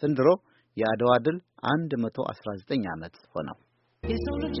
ዘንድሮ የአድዋ ድል 119 ዓመት ሆነው የሰው ልጅ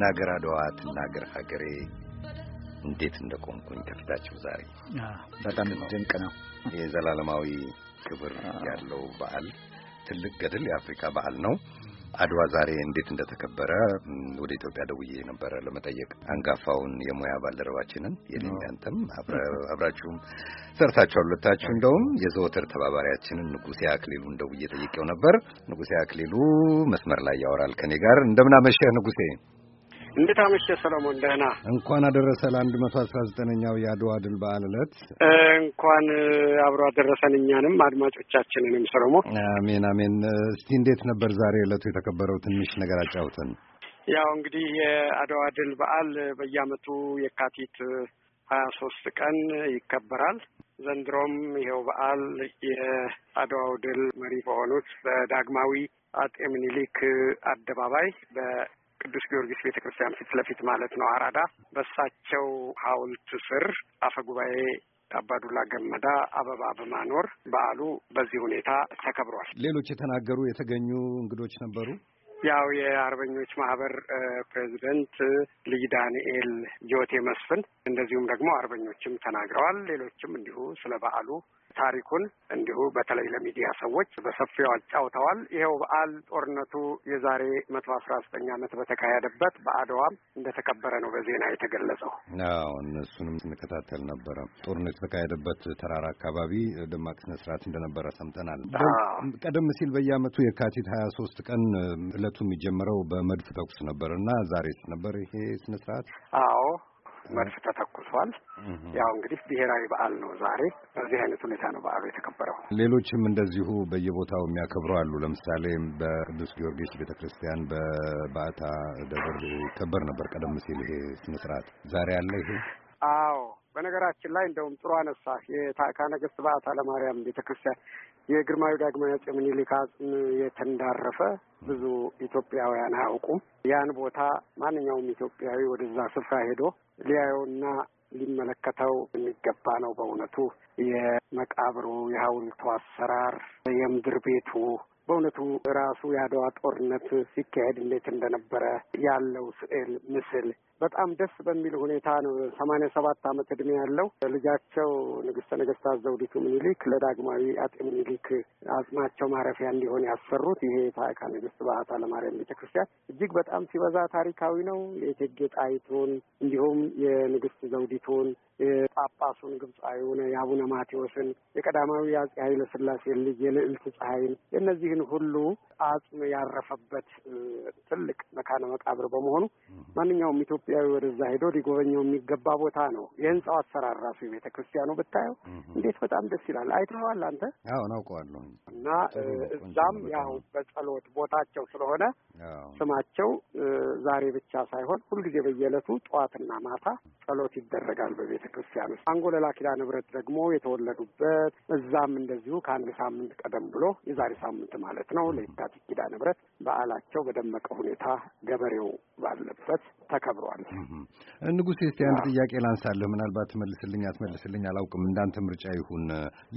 እናገር አድዋ ትናገር ሀገሬ እንዴት እንደቆምኩኝ ከፊታችሁ ዛሬ በጣም ድንቅ ነው። የዘላለማዊ ክብር ያለው በዓል ትልቅ ገድል የአፍሪካ በዓል ነው። አድዋ ዛሬ እንዴት እንደተከበረ ወደ ኢትዮጵያ ደውዬ ነበረ ለመጠየቅ አንጋፋውን የሙያ ባልደረባችንን የኔኛንተም አብራችሁም ሰርታችሁ አሉታችሁ እንደውም የዘወትር ተባባሪያችንን ንጉሴ አክሊሉ እንደውዬ ጠይቄው ነበር። ንጉሴ አክሊሉ መስመር ላይ ያወራል ከኔ ጋር። እንደምን አመሸህ ንጉሴ? እንዴት አመሸህ ሰለሞን? ደህና እንኳን አደረሰ ለአንድ መቶ አስራ ዘጠነኛው የአድዋ ድል በዓል ዕለት እንኳን አብሮ አደረሰን እኛንም አድማጮቻችንንም። ሰለሞን አሜን አሜን። እስቲ እንዴት ነበር ዛሬ ዕለቱ የተከበረው? ትንሽ ነገር አጫውተን። ያው እንግዲህ የአድዋ ድል በዓል በየአመቱ የካቲት ሀያ ሶስት ቀን ይከበራል። ዘንድሮም ይኸው በዓል የአድዋው ድል መሪ በሆኑት በዳግማዊ አጤ ምኒልክ አደባባይ ቅዱስ ጊዮርጊስ ቤተ ክርስቲያን ፊት ለፊት ማለት ነው አራዳ። በሳቸው ሐውልት ስር አፈ ጉባኤ አባዱላ ገመዳ አበባ በማኖር በዓሉ በዚህ ሁኔታ ተከብሯል። ሌሎች የተናገሩ የተገኙ እንግዶች ነበሩ። ያው የአርበኞች ማህበር ፕሬዚደንት ልጅ ዳንኤል ጆቴ መስፍን እንደዚሁም ደግሞ አርበኞችም ተናግረዋል። ሌሎችም እንዲሁ ስለ በዓሉ ታሪኩን እንዲሁ በተለይ ለሚዲያ ሰዎች በሰፊው አጫውተዋል። ይኸው በዓል ጦርነቱ የዛሬ መቶ አስራ ዘጠኝ ዓመት በተካሄደበት በአድዋም እንደተከበረ ነው በዜና የተገለጸው። አዎ እነሱንም ስንከታተል ነበረ። ጦርነቱ የተካሄደበት ተራራ አካባቢ ደማቅ ስነ ስርዓት እንደነበረ ሰምተናል። ቀደም ሲል በየዓመቱ የካቲት ሀያ ሶስት ቀን እለቱ የሚጀምረው በመድፍ ተኩስ ነበር እና ዛሬ ነበር ይሄ ስነ ስርዓት? አዎ መድፍ ተተኩሷል። ያው እንግዲህ ብሔራዊ በዓል ነው ዛሬ። በዚህ አይነት ሁኔታ ነው በዓሉ የተከበረው። ሌሎችም እንደዚሁ በየቦታው የሚያከብሩ አሉ። ለምሳሌ በቅዱስ ጊዮርጊስ ቤተ ክርስቲያን በባዕታ ደብር ይከበር ነበር ቀደም ሲል ይሄ ስነ ስርዓት ዛሬ አለ ይሄ አዎ በነገራችን ላይ እንደውም ጥሩ አነሳ የታዕካ ነገሥት በዓታ ለማርያም ቤተ ክርስቲያን የግርማዊ ዳግማዊ አፄ ምኒልክ አጽም የተንዳረፈ ብዙ ኢትዮጵያውያን አያውቁም። ያን ቦታ ማንኛውም ኢትዮጵያዊ ወደዛ ስፍራ ሄዶ ሊያየውና ሊመለከተው የሚገባ ነው። በእውነቱ የመቃብሩ፣ የሐውልቱ አሰራር፣ የምድር ቤቱ በእውነቱ ራሱ የአድዋ ጦርነት ሲካሄድ እንዴት እንደነበረ ያለው ስዕል ምስል በጣም ደስ በሚል ሁኔታ ነው። ሰማንያ ሰባት ዓመት እድሜ ያለው ልጃቸው ንግስተ ነገስት ዘውዲቱ ምኒልክ ለዳግማዊ አጤ ምኒልክ አጽማቸው ማረፊያ እንዲሆን ያሰሩት ይሄ ታዕካ ንግስት በዓታ ለማርያም ቤተ ክርስቲያን እጅግ በጣም ሲበዛ ታሪካዊ ነው። የእቴጌ ጣይቱን እንዲሁም የንግስት ዘውዲቱን የጳጳሱን ግብፃዊውን የአቡነ ማቴዎስን የቀዳማዊ አጼ ኃይለ ስላሴ ልጅ የልዕልት ፀሐይን የእነዚህን ሁሉ አጽም ያረፈበት ትልቅ መካነ መቃብር በመሆኑ ማንኛውም ኢትዮጵያዊ ወደዛ ሄዶ ሊጎበኘው የሚገባ ቦታ ነው። የህንፃው አሰራር ራሱ የቤተ ክርስቲያኑ ብታየው እንዴት በጣም ደስ ይላል። አይተኸዋል አንተ? አዎ አውቀዋለሁ። እና እዛም ያው በጸሎት ቦታቸው ስለሆነ ስማቸው ዛሬ ብቻ ሳይሆን ሁልጊዜ በየዕለቱ ጠዋትና ማታ ጸሎት ይደረጋል በቤተ ቤተክርስቲያን ውስጥ አንጎለላ ኪዳነ ምህረት ደግሞ የተወለዱበት እዛም እንደዚሁ ከአንድ ሳምንት ቀደም ብሎ የዛሬ ሳምንት ማለት ነው ለየካቲት ኪዳነ ምህረት በዓላቸው በደመቀ ሁኔታ ገበሬው ባለበት ተከብሯል። ንጉሴ፣ እስቲ አንድ ጥያቄ ላንሳለሁ። ምናልባት ትመልስልኝ አትመልስልኝ አላውቅም። እንዳንተ ምርጫ ይሁን።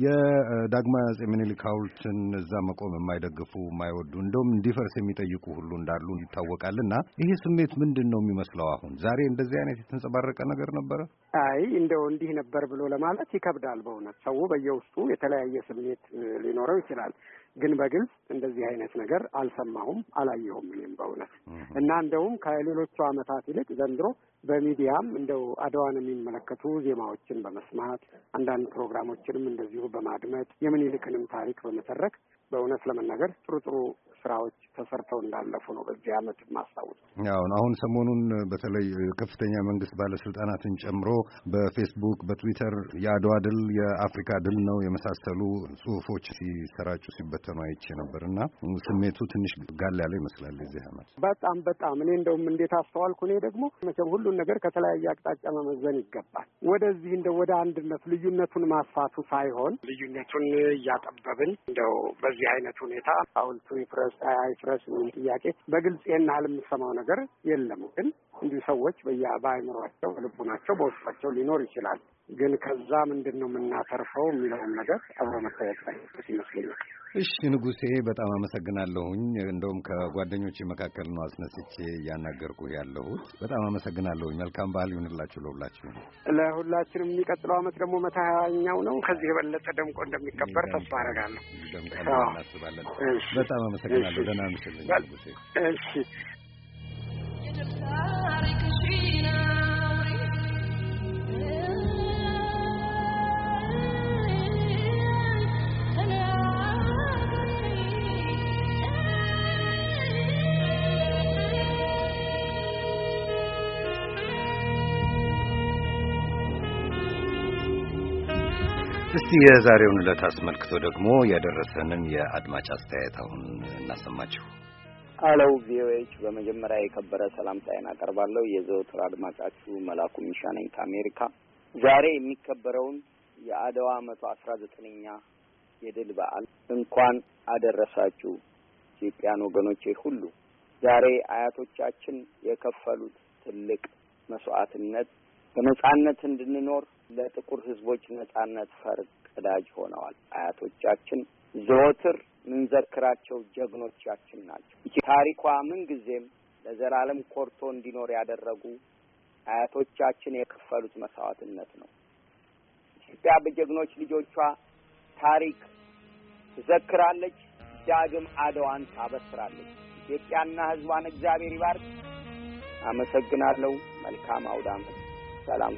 የዳግማዊ አጼ ምኒልክ ሐውልትን እዛ መቆም የማይደግፉ የማይወዱ እንደውም እንዲፈርስ የሚጠይቁ ሁሉ እንዳሉ ይታወቃልና ይሄ ስሜት ምንድን ነው የሚመስለው? አሁን ዛሬ እንደዚህ አይነት የተንጸባረቀ ነገር ነበረ? አይ እንደው እንዲህ ነበር ብሎ ለማለት ይከብዳል። በእውነት ሰው በየውስጡ የተለያየ ስሜት ሊኖረው ይችላል። ግን በግልጽ እንደዚህ አይነት ነገር አልሰማሁም፣ አላየሁም እኔም በእውነት እና እንደውም ከሌሎቹ አመታት ይልቅ ዘንድሮ በሚዲያም እንደው አድዋን የሚመለከቱ ዜማዎችን በመስማት አንዳንድ ፕሮግራሞችንም እንደዚሁ በማድመጥ የምኒልክንም ታሪክ በመተረክ በእውነት ለመናገር ጥሩ ጥሩ ስራዎች ተሰርተው እንዳለፉ ነው በዚህ አመት ማስታወስ። አሁን ሰሞኑን በተለይ ከፍተኛ መንግስት ባለስልጣናትን ጨምሮ በፌስቡክ በትዊተር የአድዋ ድል የአፍሪካ ድል ነው የመሳሰሉ ጽሁፎች ሲሰራጩ ሲበት ሲፈተኑ አይቼ ነበር እና ስሜቱ ትንሽ ጋል ያለ ይመስላል የዚህ አመት። በጣም በጣም። እኔ እንደውም እንዴት አስተዋልኩ። እኔ ደግሞ መቼም ሁሉን ነገር ከተለያየ አቅጣጫ መመዘን ይገባል። ወደዚህ እንደ ወደ አንድነት ልዩነቱን ማስፋቱ ሳይሆን ልዩነቱን እያጠበብን እንደው በዚህ አይነት ሁኔታ ሐውልቱ ይፍረስ አይፍረስ የሚል ጥያቄ በግልጽ የናህል የምሰማው ነገር የለም። ግን እንዲሁ ሰዎች በአእምሯቸው በልቡናቸው በውስጣቸው ሊኖር ይችላል። ግን ከዛ ምንድን ነው የምናተርፈው የሚለውን ነገር አብረ መታየት ላይ ይመስለኛል። እሺ ንጉሴ፣ በጣም አመሰግናለሁኝ። እንደውም ከጓደኞቼ መካከል ነው አስነስቼ እያናገርኩ ያለሁት። በጣም አመሰግናለሁኝ። መልካም ባህል ይሁንላችሁ ለሁላችሁ፣ ለሁላችንም። የሚቀጥለው አመት ደግሞ መቶ ሀያኛው ነው። ከዚህ የበለጠ ደምቆ እንደሚከበር ተስፋ አደርጋለሁ። እናስባለን። በጣም አመሰግናለሁ። ደህና ምሽልኝ ንጉሴ። እሺ እስቲ የዛሬውን ዕለት አስመልክቶ ደግሞ ያደረሰንን የአድማጭ አስተያየት አሁን እናሰማችሁ። አለው ቪኦኤዎች በመጀመሪያ የከበረ ሰላምታዬን አቀርባለሁ። የዘወትር አድማጫችሁ መላኩ ሚሻ ነኝ ከአሜሪካ። ዛሬ የሚከበረውን የአድዋ መቶ አስራ ዘጠነኛ የድል በዓል እንኳን አደረሳችሁ ኢትዮጵያን ወገኖቼ ሁሉ። ዛሬ አያቶቻችን የከፈሉት ትልቅ መስዋዕትነት በነጻነት እንድንኖር ለጥቁር ህዝቦች ነጻነት ፈርግ ቀዳጅ ሆነዋል። አያቶቻችን ዘወትር ምንዘክራቸው ጀግኖቻችን ናቸው። ታሪኳ ምንጊዜም ለዘላለም ኮርቶ እንዲኖር ያደረጉ አያቶቻችን የከፈሉት መስዋዕትነት ነው። ኢትዮጵያ በጀግኖች ልጆቿ ታሪክ ትዘክራለች፣ ዳግም አድዋን ታበስራለች። ኢትዮጵያና ህዝቧን እግዚአብሔር ይባርክ። አመሰግናለሁ። መልካም አውዳመት ሰላም